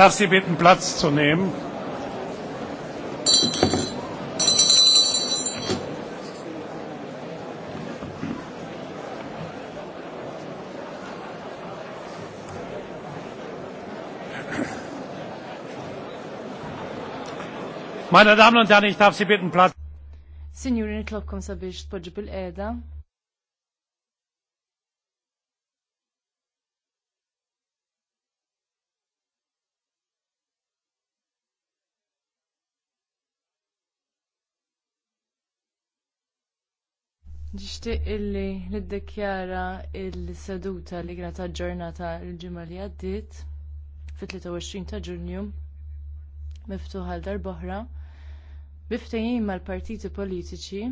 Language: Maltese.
darf Sie bitten, Platz zu nehmen. Meine Damen und Herren, ich darf Sie bitten, Platz. Signori, nitlobkom sabiex tpoġġu bil-qeda. Ġixtieq illi niddikjara il-seduta li kienet taġġornata l-ġimgħa li għaddiet fit-23 ta' Ġunju miftuħa l-darb'oħra biftejjin mal-partiti politiċi